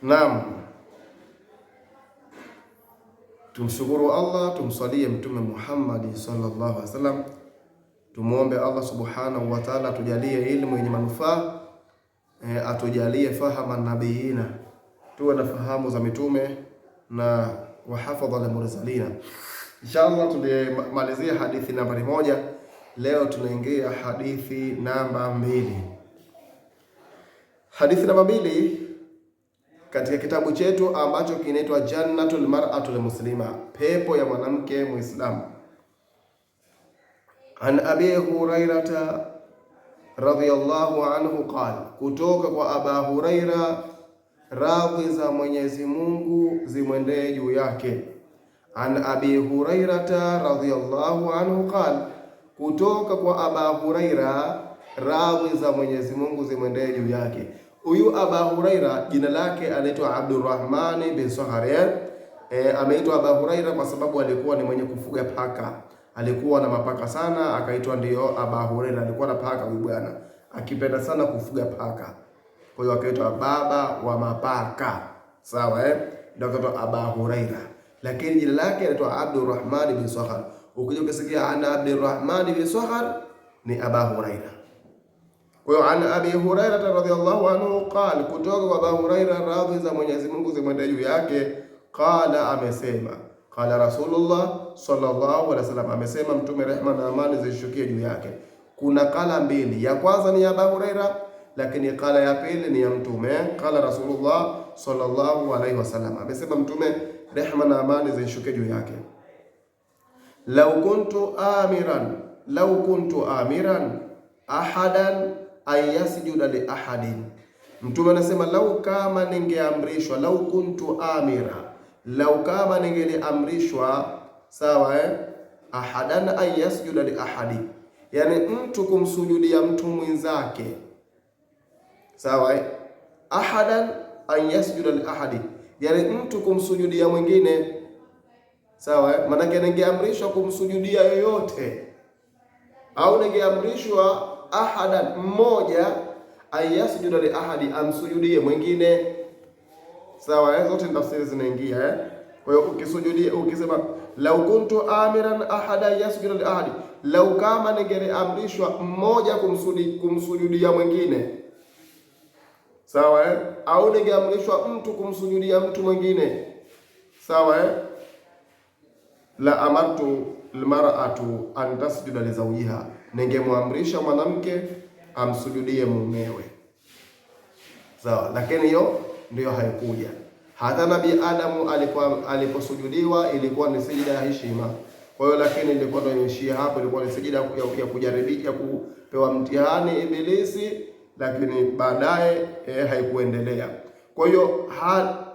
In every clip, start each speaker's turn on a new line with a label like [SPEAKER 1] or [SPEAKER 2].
[SPEAKER 1] Naam, tumshukuru Allah, tumswalie Mtume Muhammad sallallahu alaihi wasallam. Tumuombe Allah subhanahu wa ta'ala atujalie ilmu yenye manufaa e, atujalie fahama nabiyina, tuwe na fahamu za mitume na wahafadha la mursalina. Inshallah, tulimalizia hadithi nambari moja. Leo tunaingia hadithi namba mbili. Hadithi namba mbili katika kitabu chetu ambacho kinaitwa Jannatul Mar'atul Muslima, pepo ya mwanamke Muislamu. An Abi Hurairata radhiyallahu anhu qala, kutoka kwa Aba Huraira, radhi za Mwenyezi Mungu zimwendee juu yake. An Abi Hurairata radhiyallahu anhu qala, kutoka kwa Aba Huraira, radhi za Mwenyezi Mungu zimwendee juu yake. Huyu Aba Huraira jina lake anaitwa Abdurrahman bin Sahariyan. E, ameitwa Aba Huraira kwa sababu alikuwa ni mwenye kufuga paka, alikuwa na mapaka sana, akaitwa ndio Aba Huraira. Alikuwa na paka huyu bwana, akipenda sana kufuga paka, kwa hiyo akaitwa baba wa mapaka. Sawa eh? Ndio akaitwa Aba Huraira, lakini jina lake anaitwa Abdurrahman bin Sahar. Ukija ukisikia ana Abdurrahman bin Sahar ni Aba Huraira. Kwa hiyo an Abi Hurairata radhiyallahu anhu qala, kutoka kwa Abu Huraira radhi za Mwenyezi Mungu zimwende juu yake, qala, amesema qala Rasulullah sallallahu alaihi wasallam, amesema Mtume, rehma na amani zishukie juu yake. Kuna kala mbili, ya kwanza ni ya Abu Huraira, lakini kala ya pili ni ya Mtume. Qala Rasulullah sallallahu alaihi wasallam, amesema Mtume, rehma na amani zishukie juu yake, lau kuntu amiran, lau kuntu amiran ahadan ayasjuda li ahadin. Mtume anasema lau kama ningeamrishwa, lau kuntu amira, lau kama ningeliamrishwa, sawa eh? ahadan ayasjuda li ahadin, yani mtu kumsujudia mtu mwenzake, sawa eh? ahadan ayasjuda li ahadin, yani mtu kumsujudia mwingine, sawa eh? Maanake ningeamrishwa kumsujudia yoyote au ningeamrishwa ahadan, mmoja ayasujuda li ahadi, amsujudie mwingine. Sawa, eh, zote tafsiri zinaingia eh? Kwa hiyo ukisujudia, ukisema lau kuntu amiran ahada yasujuda li ahadi, lau kama ningeamrishwa mmoja kumsudi kumsujudia mwingine sawa eh? au ningeamrishwa mtu kumsujudia mtu mwingine sawa eh? la amartu lmaratu an tasjuda lizaujiha, ningemwamrisha mwanamke amsujudie mumewe. Sawa, lakini hiyo ndiyo haikuja. Hata nabi Adamu alikuwa aliposujudiwa ilikuwa ni sijida ya heshima. Kwa hiyo lakini ilikuwa ndio imeishia hapo, ilikuwa ni sijida ya kujaribia, kupewa mtihani Ibilisi, lakini baadaye eh, haikuendelea. Kwa hiyo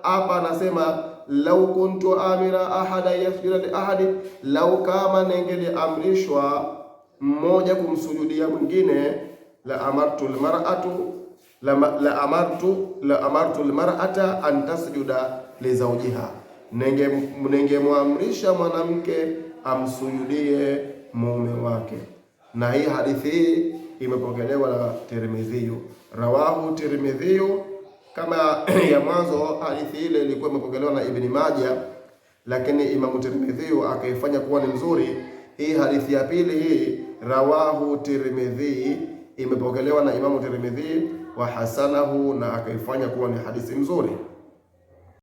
[SPEAKER 1] hapa anasema lau kuntu amira ahada yasjuda li ahadi, lau kama ningeliamrishwa mmoja kumsujudia mwingine, la amartu almar'atu la, la amartu la amartu almar'ata an tasjuda li zawjiha, ningemwamrisha mwanamke amsujudie mume wake. Na hii hadithi hii imepokelewa na Tirmidhi, rawahu Tirmidhi kama ya mwanzo hadithi ile ilikuwa imepokelewa na Ibn Majah, lakini Imamu Tirmidhi akaifanya kuwa ni nzuri. Hii hadithi ya pili hii rawahu Tirmidhi, imepokelewa na Imamu Tirmidhi wa hasanahu, na akaifanya kuwa ni hadithi nzuri.